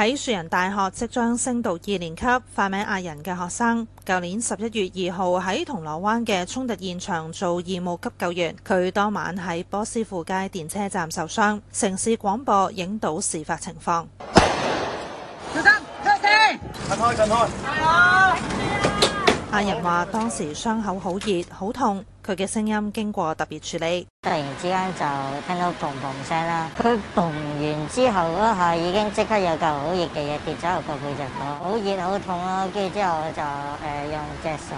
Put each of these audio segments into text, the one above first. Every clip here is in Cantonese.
喺樹仁大學即將升讀二年級，化名阿仁嘅學生，舊年十一月二號喺銅鑼灣嘅衝突現場做義務急救員，佢當晚喺波斯富街電車站受傷。城市廣播影到事發情況。小心！出聲！開！開！阿人話：當時傷口好熱、好痛，佢嘅聲音經過特別處理。突然之間就聽到砰砰聲啦，佢砰完之後嗰下已經即刻有嚿好熱嘅嘢跌咗入個背脊度，好熱好痛咯。跟住之後就誒、呃、用隻手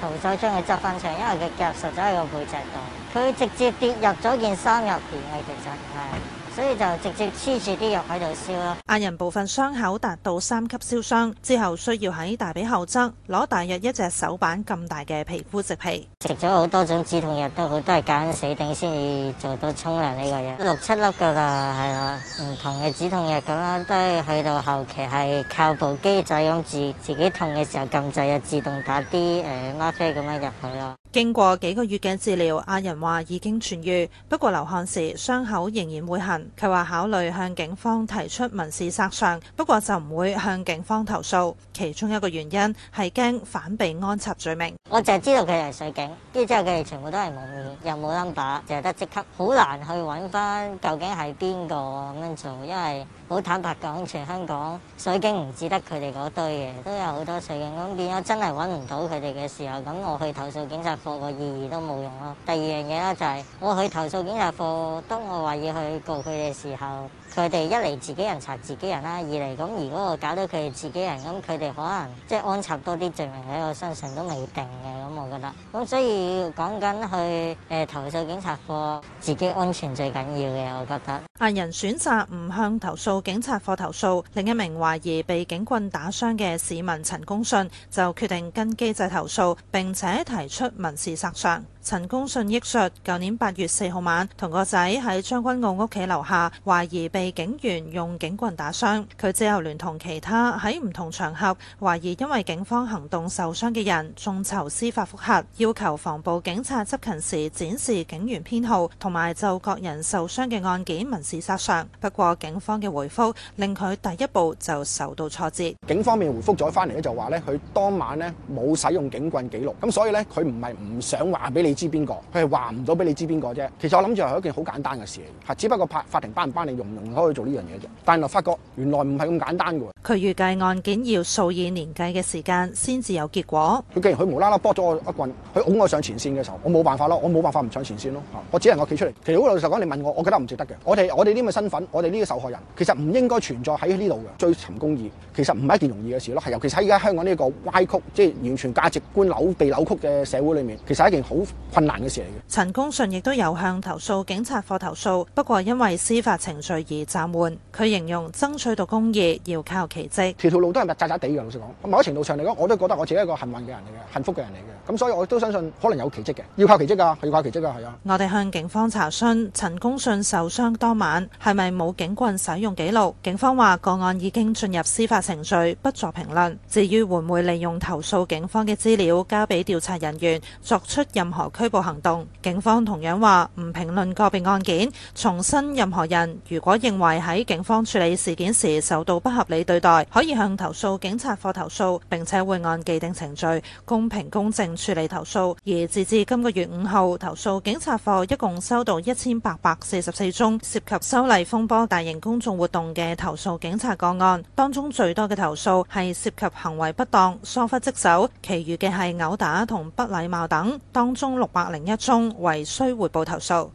徒手將佢執翻上，因為佢夾實咗喺個背脊度，佢直接跌入咗件衫入邊嘅，其實係。所以就直接黐住啲藥喺度燒啦。阿人部分傷口達到三級燒傷，之後需要喺大髀後側攞大約一隻手板咁大嘅皮膚植皮。食咗好多種止痛藥都好，都係揀死定先至做到沖涼呢個嘢。六七粒噶啦，係啦，唔同嘅止痛藥咁啦，都係去到後期係靠部機仔咁自己自己痛嘅時候撳掣，又自動打啲誒嗎啡咁樣入去啊。經過幾個月嘅治療，阿仁話已經痊癒，不過流汗時傷口仍然會痕。佢話考慮向警方提出民事索償，不過就唔會向警方投訴。其中一個原因係驚反被安插罪名。我就係知道佢哋係水警，跟住之後佢哋全部都係蒙面，又冇 number，就係得職級好難去揾翻究竟係邊個咁樣做。因為好坦白講，全香港水警唔止得佢哋嗰堆嘅，都有好多水警。咁變咗真係揾唔到佢哋嘅時候，咁我去投訴警察課個意義都冇用咯。第二樣嘢啦，就係，就係我去投訴警察課，當我話要去告佢哋嘅時候，佢哋一嚟自己人查自己人啦，二嚟咁如果我搞到佢哋自己人，咁佢哋可能即係安插多啲罪名喺我身上都未定。咁、嗯、我覺得，咁所以講緊去誒、呃、投訴警察課，自己安全最緊要嘅，我覺得。晏人選擇唔向投訴警察課投訴，另一名懷疑被警棍打傷嘅市民陳公信就決定跟機制投訴，並且提出民事索償。陳公信憶述，舊年八月四號晚，同個仔喺將軍澳屋企樓下，懷疑被警員用警棍打傷。佢之後聯同其他喺唔同場合懷疑因為警方行動受傷嘅人，眾籌司法覆核，要求防暴警察執勤時展示警員編號，同埋就各人受傷嘅案件事實上，不過警方嘅回覆令佢第一步就受到挫折。警方面回覆咗翻嚟咧，就話咧佢當晚咧冇使用警棍記錄，咁所以咧佢唔係唔想話俾你知邊個，佢係話唔到俾你知邊個啫。其實我諗住係一件好簡單嘅事嚟，吓只不過判法庭班唔班，你用唔用可以做呢樣嘢啫。但係又發覺原來唔係咁簡單嘅。佢預計案件要數以年計嘅時間先至有結果。佢既然佢無啦啦撥咗我一棍，佢拱我上前線嘅時候，我冇辦法咯，我冇辦法唔上前線咯，我只能夠企出嚟。其實好老實講，你問我，我覺得唔值得嘅，我哋。我哋呢啲身份，我哋呢啲受害人，其實唔應該存在喺呢度嘅。追尋公義其實唔係一件容易嘅事咯，係尤其是喺而家香港呢個歪曲，即係完全價值觀扭被扭曲嘅社會裡面，其實係一件好困難嘅事嚟嘅。陳公信亦都有向投訴警察課投訴，不過因為司法程序而暫緩。佢形容爭取到公義要靠奇蹟，條條路都係窒窒地嘅。老實講，某程度上嚟講，我都覺得我自己係一個幸運嘅人嚟嘅，幸福嘅人嚟嘅。咁所以我都相信可能有奇蹟嘅，要靠奇蹟㗎，要靠奇蹟㗎，係啊。我哋向警方查詢陳公信受傷當晚，係咪冇警棍使用記錄？警方話個案已經進入司法程序，不作評論。至於會唔會利用投訴警方嘅資料交俾調查人員作出任何拘捕行動，警方同樣話唔評論個別案件。重申任何人如果認為喺警方處理事件時受到不合理對待，可以向投訴警察課投訴，並且會按既定程序公平公正處理投訴。而截至今個月五號投訴警察課一共收到一千八百四十四宗涉及。及修例風波大型公眾活動嘅投訴，警察個案當中最多嘅投訴係涉及行為不當、疏忽職守，其餘嘅係毆打同不禮貌等，當中六百零一宗為需回報投訴。